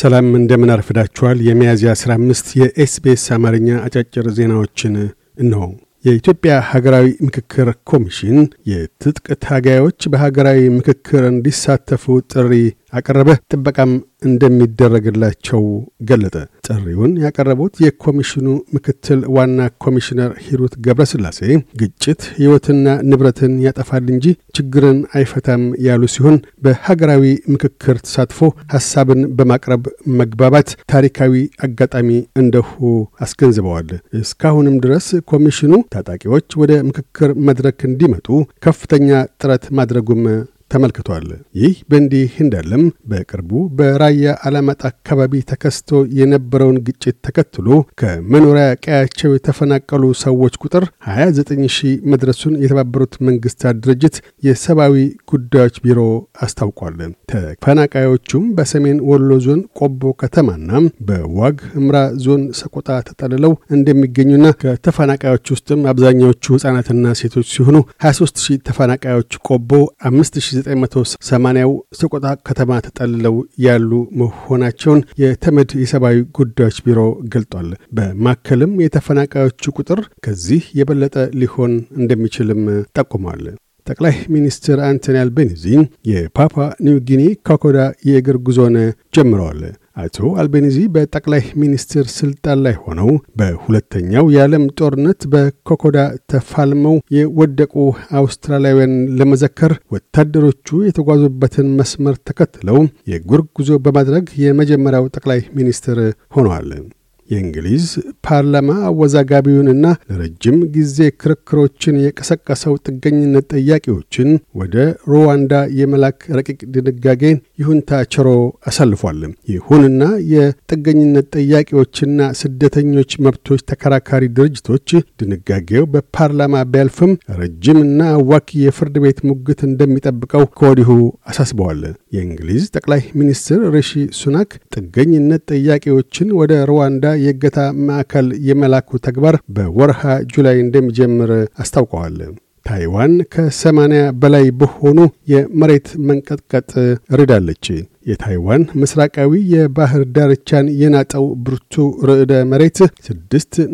ሰላም እንደምን አርፍዳችኋል። የሚያዝያ 15 የኤስቢኤስ አማርኛ አጫጭር ዜናዎችን እነሆ። የኢትዮጵያ ሀገራዊ ምክክር ኮሚሽን የትጥቅ ታጋዮች በሀገራዊ ምክክር እንዲሳተፉ ጥሪ አቀረበ። ጥበቃም እንደሚደረግላቸው ገለጠ። ጥሪውን ያቀረቡት የኮሚሽኑ ምክትል ዋና ኮሚሽነር ሂሩት ገብረስላሴ ግጭት ሕይወትና ንብረትን ያጠፋል እንጂ ችግርን አይፈታም ያሉ ሲሆን በሀገራዊ ምክክር ተሳትፎ ሀሳብን በማቅረብ መግባባት ታሪካዊ አጋጣሚ እንደሁ አስገንዝበዋል። እስካሁንም ድረስ ኮሚሽኑ ታጣቂዎች ወደ ምክክር መድረክ እንዲመጡ ከፍተኛ ጥረት ማድረጉም ተመልክቷል። ይህ በእንዲህ እንዳለም በቅርቡ በራያ አላማጣ አካባቢ ተከስቶ የነበረውን ግጭት ተከትሎ ከመኖሪያ ቀያቸው የተፈናቀሉ ሰዎች ቁጥር 29 ሺህ መድረሱን የተባበሩት መንግስታት ድርጅት የሰብአዊ ጉዳዮች ቢሮ አስታውቋል። ተፈናቃዮቹም በሰሜን ወሎ ዞን ቆቦ ከተማና በዋግ እምራ ዞን ሰቆጣ ተጠልለው እንደሚገኙና ከተፈናቃዮች ውስጥም አብዛኛዎቹ ህጻናትና ሴቶች ሲሆኑ 23 ሺህ ተፈናቃዮች ቆቦ 5 1980 ው ሰቆጣ ከተማ ተጠልለው ያሉ መሆናቸውን የተመድ የሰብአዊ ጉዳዮች ቢሮ ገልጧል። በማከልም የተፈናቃዮቹ ቁጥር ከዚህ የበለጠ ሊሆን እንደሚችልም ጠቁሟል። ጠቅላይ ሚኒስትር አንቶኒ አልቤኒዚ የፓፓ ኒው ጊኒ የእግር ጉዞን ጀምረዋል። አቶ አልቤኒዚ በጠቅላይ ሚኒስትር ስልጣን ላይ ሆነው በሁለተኛው የዓለም ጦርነት በኮኮዳ ተፋልመው የወደቁ አውስትራሊያውያን ለመዘከር ወታደሮቹ የተጓዙበትን መስመር ተከትለው የጉርጉዞ በማድረግ የመጀመሪያው ጠቅላይ ሚኒስትር ሆነዋል። የእንግሊዝ ፓርላማ አወዛጋቢውንና ለረጅም ጊዜ ክርክሮችን የቀሰቀሰው ጥገኝነት ጠያቂዎችን ወደ ሩዋንዳ የመላክ ረቂቅ ድንጋጌን ይሁንታ ቸሮ አሳልፏል። ይሁንና የጥገኝነት ጠያቂዎችና ስደተኞች መብቶች ተከራካሪ ድርጅቶች ድንጋጌው በፓርላማ ቢያልፍም ረጅምና አዋኪ የፍርድ ቤት ሙግት እንደሚጠብቀው ከወዲሁ አሳስበዋል። የእንግሊዝ ጠቅላይ ሚኒስትር ሪሺ ሱናክ ጥገኝነት ጠያቂዎችን ወደ ሩዋንዳ የእገታ ማዕከል የመላኩ ተግባር በወርሃ ጁላይ እንደሚጀምር አስታውቀዋል። ታይዋን ከ ከሰማንያ በላይ በሆኑ የመሬት መንቀጥቀጥ ርዳለች። የታይዋን ምስራቃዊ የባህር ዳርቻን የናጠው ብርቱ ርዕደ መሬት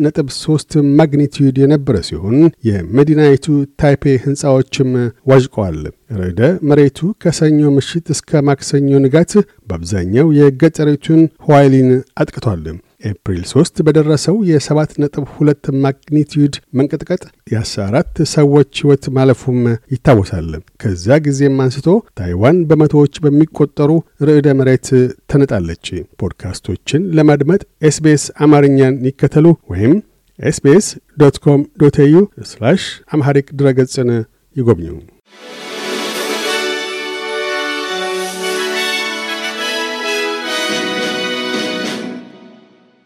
ነጥብ 3 ማግኒቲዩድ የነበረ ሲሆን የመዲናይቱ ታይፔ ሕንፃዎችም ዋዥቀዋል። ርዕደ መሬቱ ከሰኞ ምሽት እስከ ማክሰኞ ንጋት በአብዛኛው የገጠሪቱን ሆዋይሊን አጥቅቷል። ኤፕሪል 3 በደረሰው የ7.2 ማግኒቲዩድ መንቀጥቀጥ የ14 ሰዎች ሕይወት ማለፉም ይታወሳል። ከዚያ ጊዜም አንስቶ ታይዋን በመቶዎች በሚቆጠሩ ርዕደ መሬት ተነጣለች። ፖድካስቶችን ለማድመጥ ኤስቤስ አማርኛን ይከተሉ ወይም ኤስቤስ ዶት ኮም ዶት ኤዩ አምሐሪክ ድረገጽን ይጎብኙ።